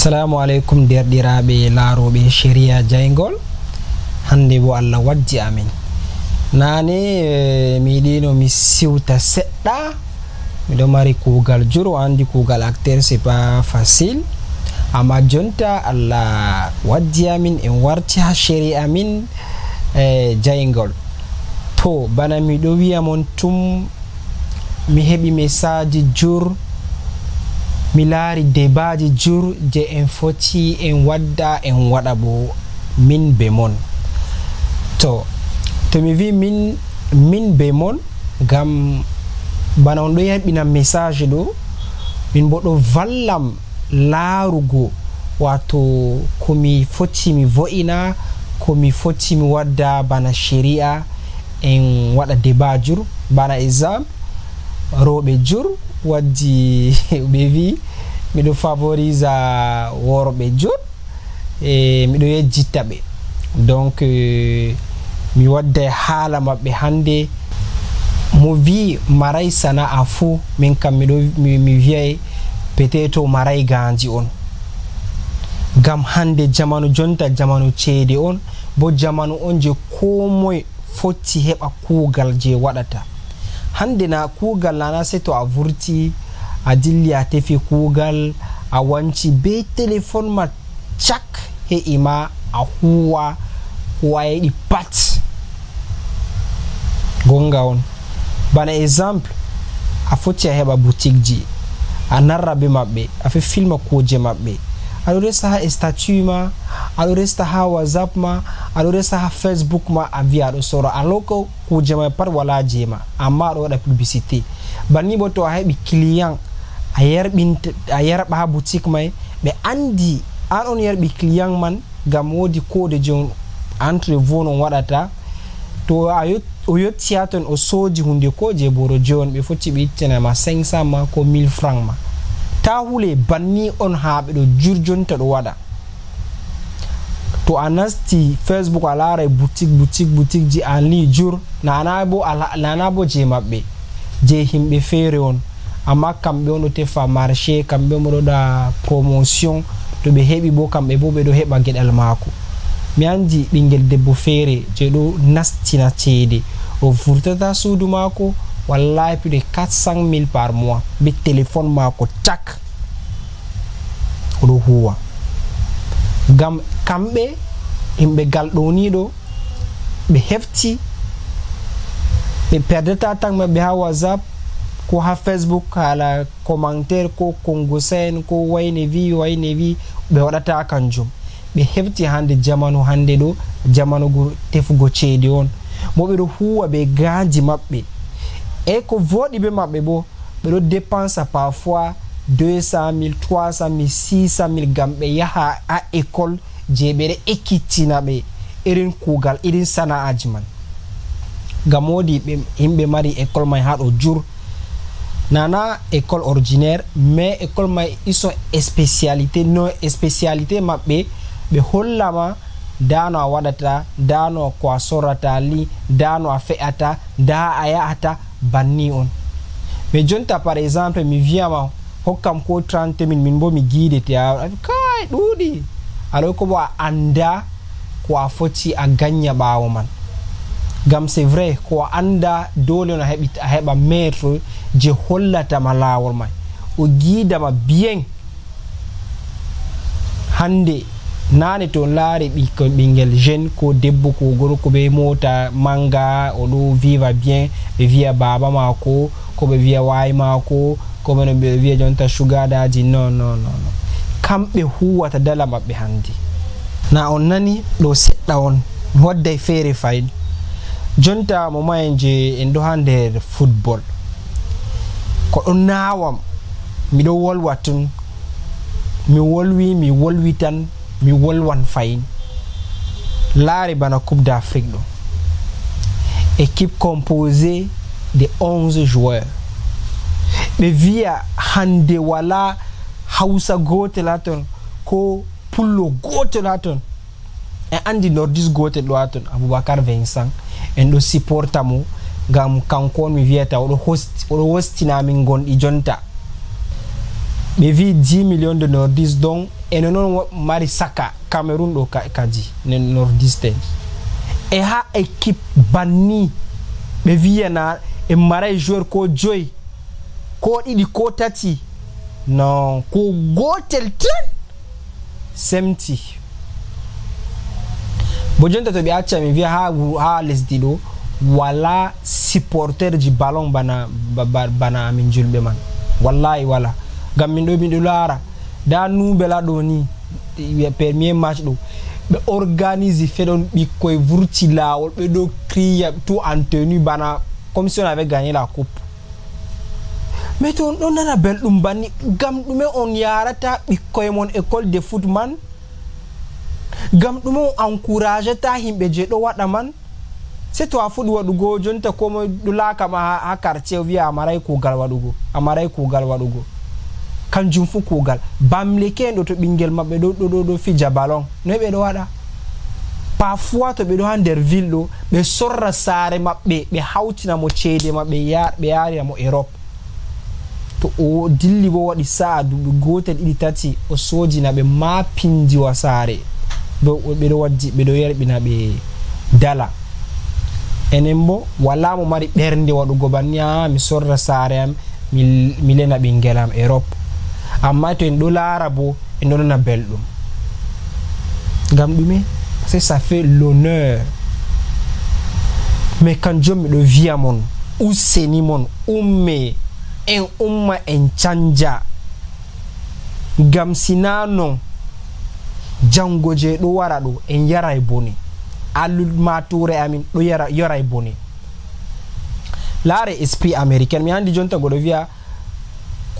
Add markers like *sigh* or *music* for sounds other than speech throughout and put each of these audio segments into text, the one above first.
assalamu aleykum derɗiraɓe laaroɓe shéria jaygol hande bo allah waddi amin nane eh, miɗino mi siwta seɗɗa miɗo mari kuugal juro andi kuugal acteur c'est pas facile amma jonta allah waddi amin en warti ha chéri amin e eh, jaygol to bana miɗo wiya mon tum mi heɓi message jur mi laari debaaji jur je en foti en wadda en waɗa bo min be mon to to mi wi min min be mon ngam bana on ɗo yaɓina message ɗo min bo ɗo vallam laarugo wato ko mi foti mi vo'ina ko mi foti mi wadda bana shari'a en waɗa debajur bana exemple roɓe jur waddi *laughs* ɓe wi miɗo favorisa worɓe jot e miɗo yejjitta ɓe donc euh, mi wadda haala maɓɓe hannde mo wi maray sana'a fuu min kam miɗo mi wiyay peut-être maray gandi on gam hannde jamanu jonta jamanu ceede on bo jamanu on je ko moye fotti heɓa kuugal je waɗata handena kugal nana sei to a vurti a dilli a tefi kugal a wanci be téléphone ma cak he'ima a huwa huwayeɗi pat gonga on bana exemple a foti a heɓa boutique ji a narra be maɓɓe afe filma kuje maɓɓe aɗo resta ha e statue ma aɗo resta ha whatsapp ma aɗo resta ha facebook ma a wiya aɗo soro aloko kuje mai pat wala jema amma aɗo waɗa publicité banni bo to a heɓi client a yerɓinte a yerɓa ha boutique mai ɓe andi an on yerɓi client man gam wodi kode je entrevou non waɗata to a o yettiya ton o soji hunde ko je boro jon ɓe fotti ɓe ittanama 500 ma ko 1000 franc ma ta hule banni on ha ɓe ɗo jurjonta ɗo waɗa to a nasti facebook a lara boutique boutique boutique ji en ligne jour nanabo nana bo je maɓɓe je himɓe feere on amma kamɓe on ɗo tefa marché kamɓe on ɓeɗoɗa promotion to ɓe heɓi bo kamɓe bo ɓeɗo heɓa gueɗal maako mi andi ɓinguel debbo feere je ɗo nastina ceede o vurtata suudu maako wallahi plus de 400 mille par mois be téléphone mako tac oɗo huwa gam kamɓe yimɓe galɗoniɗo ɓe hefti ɓe perdeta tan maɓɓe ha whatsapp ko ha facebook hala commentaire ko congosain ko wayne vi wayne vi ɓe waɗata kanjum ɓe hefti hande jamanu hande ɗo jamanugo tefugo ceede on mo ɓeɗo huwa ɓe gaji maɓɓe eyi ko voɗi be maɓɓe bo ɓeɗo dépensa parfois 200 300 600 mil gam ɓe yaha a école je ɓeɗo ekkittina ɓe irin kugal irin sana'aji man gam wodi yimɓe mari école may ha ɗo jur nana école ordinaire mais école may isont spécialité no spécialité maɓɓe ɓe hollama dano a waɗata dano ko a sorrata li dano a fe'ata da a yahata banni on mais jonta par exemple mi wiyama hokkam ko 30 min min bo mi giidete a kai ɗuuɗi alors ko bo a anda ko a foti a gagna ɓawo man gam c'est vrai ko a anda dole on a heɓa maître je hollatama laawol ma o giidama biyen hande nane to laari ɓikko ɓingel jeune ko debbo ko gorko ɓe mota manga oɗo viva bien ɓe viya baba mako koɓe viya wawi mako komeno ɓe viya jonta sugadaji no no no no kamɓe huwata dala maɓɓe handi na on nani ɗo seɗɗa on wadday feere fayin jonta momayen je en ɗo ha nder football ko ɗo nawam miɗo wolwa tun mi wolwi mi wolwi tan mi wolwan fayin laari bana coupe d'afrique ɗo équipe composée de 11 joueurs ɓe via hande hausa gotel ha ton ko pullo gotel ha ton en andi nordis gotel ɗo ha ton aboubacar vincent en ɗo supporta mo ngam kanko on mi wiyata oɗo host, hostinamin gonɗi jonta ɓe wi 10 millions de nordis donc ene noon mari saka cameron ɗo kadi ne nordiste en e ha équipe banni ɓe wiyana en maray joueur ko joyi ko ɗiɗi ko tati non ko gotel tan semti bo jonta to ɓe acca min wiya ha ha lesdi ɗo wala supporteur ji ballon bana bana amin julɓe man wallahi wala gam min ɗo miɗo laara da nubela ɗo ni premier match fe don bi ko e vurti lawol ɓe ɗo do tout en tenu bana comme si on avait gagné la coupe mais ton on na bel dum bani gam dum on yarata e mon école de foot man gam dum on encourage ta himbe je do wada man se to a fuɗi waɗugo jonta komoe ɗo ma ha quartier o wiya ko maray kuugal waɗugo a maray kuugal waɗugo kanjum fu kuugal bamleke en ɗo to ɓingel maɓɓe ɗo ɗo ɗo fija balon noy ɓe ɗo waɗa pafoi to ɓe ɗo ha nder ville ɗo ɓe sorra saare maɓɓe ɓe hawtinamo ceede maɓɓe ɓe yarinamo europe to o dilli bo waɗi sa'a duɓi gotel ɗiɗi tati o soodina ɓe ma pindiwa saare ɓe ɗo waddi ɓe ɗo yerɓina ɓe dala enen bo wala mo mari ɓernde waɗugo banni a mi sorra saare am mi lena ɓingel am europe amma to en ɗo laara bo en ɗonana belɗum ngam ɗume se ça fait l'honneur mais kan jom miɗo wiya mon useni mon umme en umma en canja ngam sina non jango je ɗo wara ɗo en yaray bone allumature amin ɗo yaray bone laare esprit américain mi anndi jonta goɗo wiya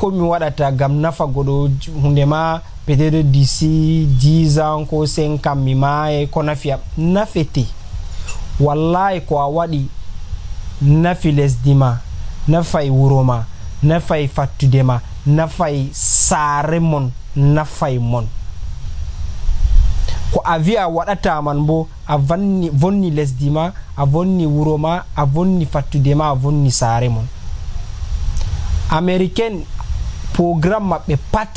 komi waɗata gam nafa goɗo hunde ma peut-être dici dix ans ko cinqan mi maye ko nafiyam nafete wallahi ko a waɗi nafi lesdima nafay wuroma nafay fattudema nafay saare mon nafay mon ko a wi a waɗataman bo a vanni vonni lesdima a vonni wuroma a vonni fattudema a vonni saare mon américaine programme maɓɓe pat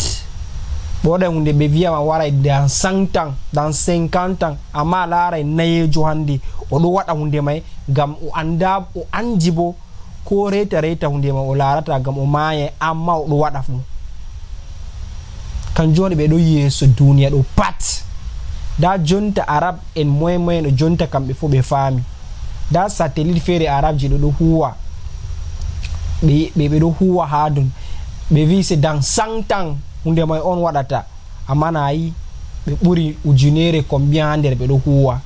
ɓoɗen hunde ɓe wiyama waray dans cent tan dans cinquante tan amma laaray nayejo hande oɗo waɗa hunde may gam o anda o andi bo ko reta reta hunde ma o larata gam o maya amma oɗo waɗa fu kan joni ɓeɗo yeeso duniya ɗo pat da jonta arab en moyen moyen ɗo jonta kamɓe fo ɓe faami da satellite feere arab ji ɗo ɗo huwa ɓeɓeɗo huwa ha don ɓe wi se dans cent ans hunde may on waɗata amma nayi ɓe ɓuri ujunere combien ha nder ɓeɗo huwa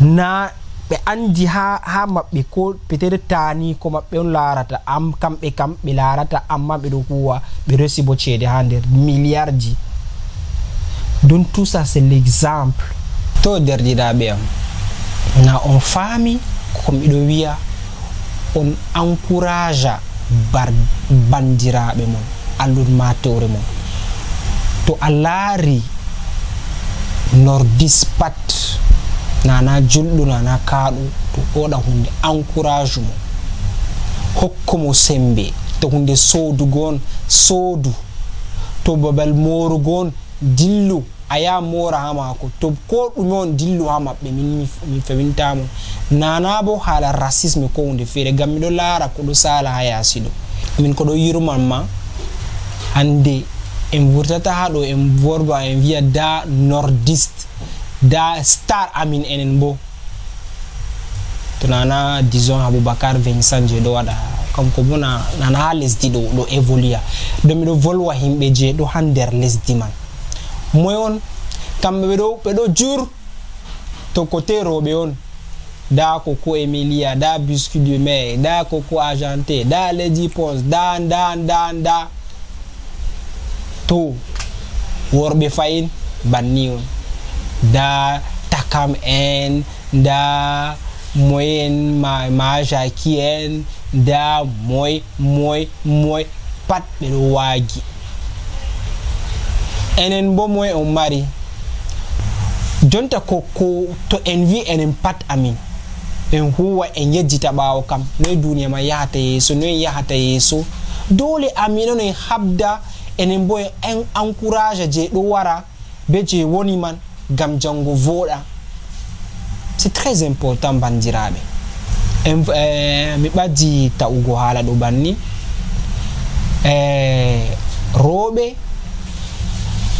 na ɓe andi ha ha maɓɓe ko petetre tani ko maɓɓe on larata am kamɓe kam ɓe larata amma ɓeɗo huwa ɓe resi bo ceede ha nder milliardji don tout ça c'est l'exemple to derdiɗaɓe am na on faami komiɗo wiya on encouragea bar bandiraɓe mon allun matewre mon to a laari nordis pat nana julɗu nana kaaɗu to oɗa hunde encourage mo hokkumo sembe to hunde soodugo on soodu to babal moorugo on dillu a yaha mora ha mako to ko ɗume on dillu ha maɓɓe min fewintamo nana bo haala racisme ko hunde feere gam miɗo laara koɗo sala ha yaasi ɗo min koɗo yurman ma hande en vurtata ha ɗo en vorgo en wiya da nordist da star amin enen bo to nana dison aboubacar vincent je ɗo waɗa kam ko bo nana ha lesdi ɗo ɗo évolua do miɗo volwa himɓe je ɗo ha nder lesdi man moy on kamɓe ɓeɗo ɓeɗo jur to coté roɓe on da koko emilia da biscuit du mai da koko agenté da lady pons da da da da to worɓe fayin banni on da takam en da moy en majaki en da moy moy moy pat ɓeɗo waagi enen bo moy on mari jonta ko ko to en wi enen pat amin en huwa en yejjita ɓawo kam noye duniya ma yahata yeeso noye yahata yeeso dole amin on en habda enen bo en encourage je ɗo wara be je woni man gam jango voɗa c'est très important bandiraɓe eh, mi ɓaddi ta'ugo haala ɗo banni eh, roɓe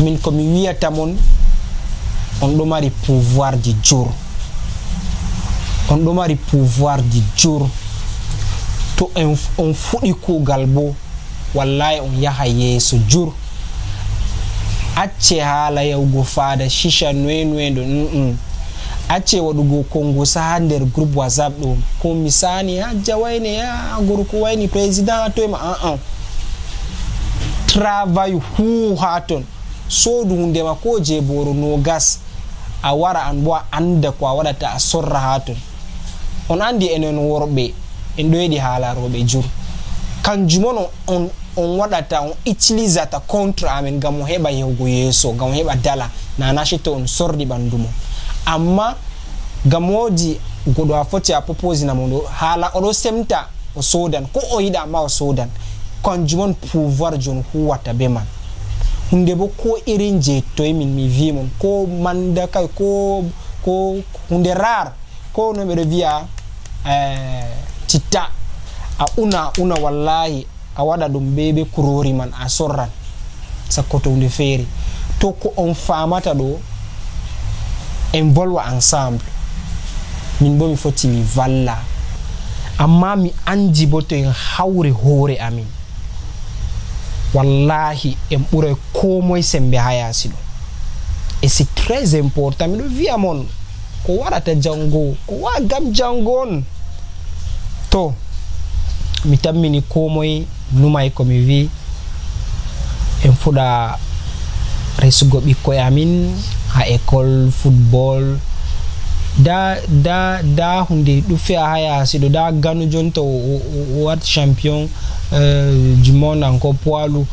min komi wiyata mon on ɗo mari pouvoir ji jur on ɗo mari pouvoir ji jur to on fuɗi kugal bo wallahi on yaha yeeso jur acce haala yahugo fada chicha noenoendo nm acce waɗugo kongosa ha nder groupe whatsapp ɗo ko misani ha jawayne ha gorko wayni président ha toyma aa travail hu ha ton sodu hundema ko je boro nogas a wara an bo a anda ko a waɗata a sorra ha ton on andi enen worɓe en ɗo haala roɓe jur kanjum on on waɗata on utilisata contre amen ngam o heɓa yahugo yeeso ngam o heɓa dala nanacete on sordi ɓandu mo amma ngam woodi goɗo a foti a proposinamo ɗo haala oɗo semta o sodan ko o yiɗa amma o sodan kanjumon on pouvoir jon huwata be man hunde bo ko irin je e min mi mon ko manda kay ko ko hunde rare ko no ɓeɗo wiya eh, citta a una una wallahi a waɗa ɗum be be kurori man a sorran sakko to hunde feere to ko on famata ɗo en volwa ensemble min bo mi foti mi valla amma mi anji bo to en hawri hoore amin wallahi en ɓuray komoye sembe ha yasi ɗo e c' très important miɗo wiyamon ko waɗata janngo ko wagam janngo on to mi tammini komoye numay komi wi en fuɗa resugo ɓikkoye amin ha école football da da hunde ɗuffe a ha yasi ɗo da gano jonta o wart champion jumon euh, anko poilu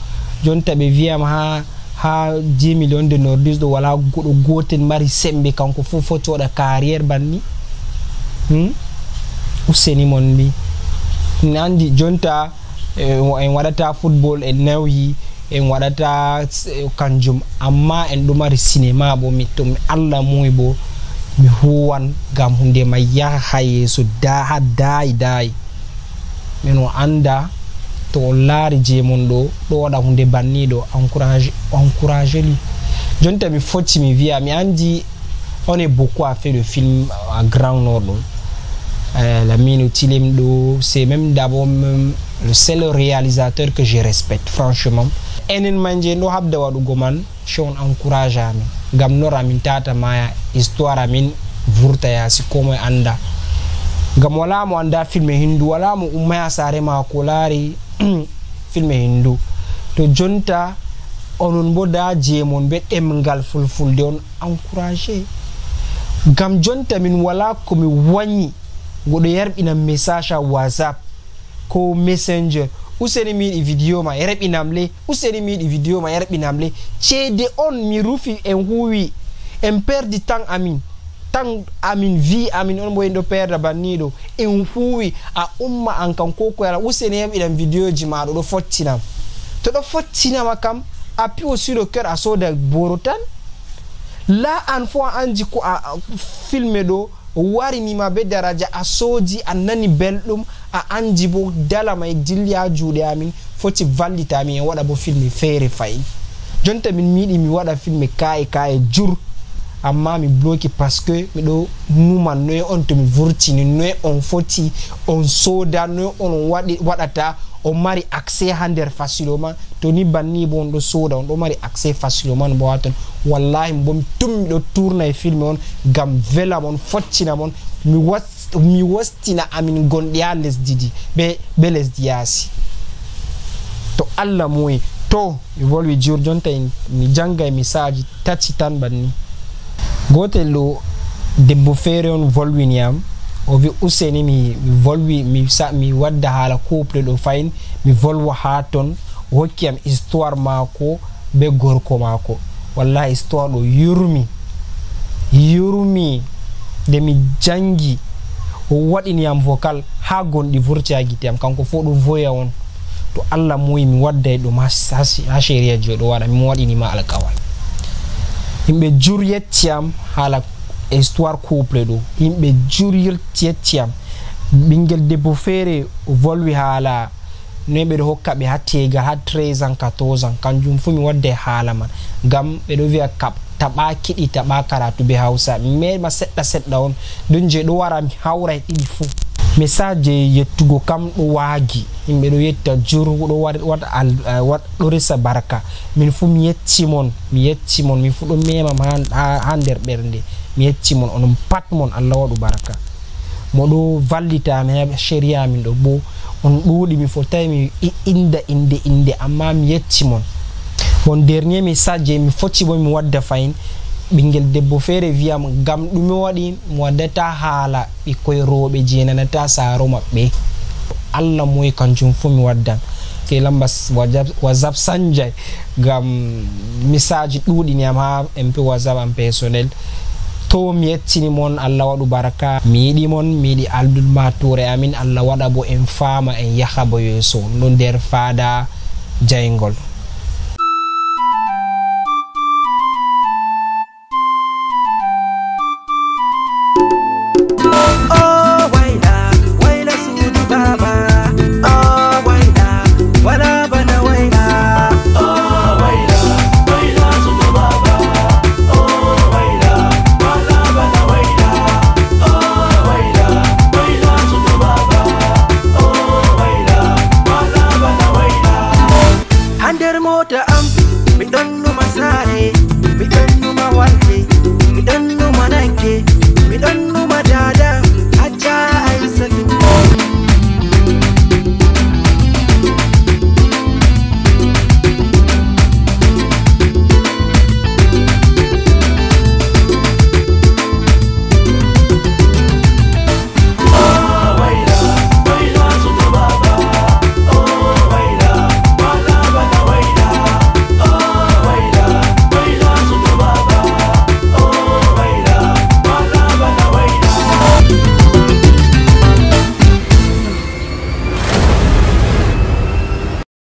jonta ɓe wiyam ha ha 10 million de nordis ɗo wala goɗo gotel mari sembe kanko fu foti waɗa carriére banni hmm? useni mon bi n andi jonta euh, en waɗata football en nawyi en waɗata kanjum amma en ɗo mari cinéma bo mi to mi allah muy boo mi huwan gam hunde mai yaha ha yeeso da daayi daayi min o anda to on laari jemon ɗo ɗo waɗa hunde lui. encouragé li jonta mi fotti mi wiya mi andi on e beaucoup a fait eh, le film à grand nord ɗum la mine tilim ɗo c'est même d'abord même le seul réalisateur que je respecte franchement enen man je ɗo habda waɗugo man se on encourage amin gam nora min tata maya histoire amin vurta yasi komoe anda gam wala mo anda filme hindu wala mo ummaya sare mako laari *clears throat* filme hindu to jonta onon bo da jemon be ɗemgal fulfulde on encouragé gam jonta min wala komi wayi goɗo yarɓinan message a whatsapp ko messenger useni mi yiɗi vidio ma e reɓinam le useni mi yiɗi vidéo ma e reɓinam le ceede on mi rufi en huwi en perdi tan amin tan amin vi amin on boyen ɗo perda banniɗo en huwi a umma an kam ko koyara useni heɓiɗan vidéo ji maɗo ɗo fottinam to ɗo fottinama kam a piwo sur le cœur a sooda boro tan la an fo a anji ko a filme ɗo o warinima be daraja a soji a nani belɗum a anji bo dala mai dilli ha juuɗe amin foti vallitamin en waɗa bo filme feere fayin jonta min miyiɗi mi waɗa filme kaye kaye jur amma mi bloki parceque miɗo numa noye on tomi vurtini noye on foti on soda noye on waɗata on mari accès ha nder facile oma to ni banni bo on ɗo soda on ɗo mari accès facile oman bo waton wallahi bomi tun miɗo tourna e filme on gam velam on foccinam on mi wostina amin gonɗi ha lesdidi ɓe ɓe lesdi yaasi to allah muyi to mi volwi jur jonta mi janga e misaji tacci tan banni gotel ɗo debbo feere on volwini yam o wi useni mi volwi mi wadda haala couple ɗo fayin mi volwa ha ton o hokkiyam histoire maako be gorko maako wallah histoire ɗo yurmi yurmi nde mi jangi o waɗiniyam vocal ha gonɗi vurtiyagiteyam kanko fo ɗo voya on to allah muyi mi wadday ɗum ha sheria jo ɗo waɗa mi waɗinima alkawal yimɓe jur yettiyam haala histoire couple ɗo yimɓe jurirtiyettiyam ɓinguel debbo feere volwi haala no ɓeɗo hokka ɓe ha tegal ha 3 ans 14 ans kanjum fuu mi wadde haala man gam ɓeɗo wiya kap taɓa kiɗi taɓa karatu be hausa mema seɗɗa seɗɗa on ɗon je ɗo wara mi hawra e ɗiɗi fuu message je yettugo kam ɗo waagi yimɓe ɗo yetta jur ɗo eh, wat ɗo resa barka min fuu mi yettimon mi yettimon min fuu ɗo memam ha nder ɓernde mi yecci mon onon pat mon allah waɗu baraka moɗo vallitami ha séria min ɗo bo on ɗuuɗimi fo tawi mi inda inde inde amma mi yecci mon bon dernier message je mi focci bo mi wadda fayin ɓinguel debbo feere wiyam gam ɗume waɗi mi waddata haala ɓikkoye rooɓe jenanata saro maɓɓe allah moye kancum fo mi waddan ke lamba whatsapp sanjay gam message ɗuuɗiniyam ha un peu whatsapp en personnel to mi yettini mon allah waɗu baraka mi yiɗi mon mi yiɗi aldulmature amin allah waɗa bo en faama en yaha bo yeeso no nder faada jayngol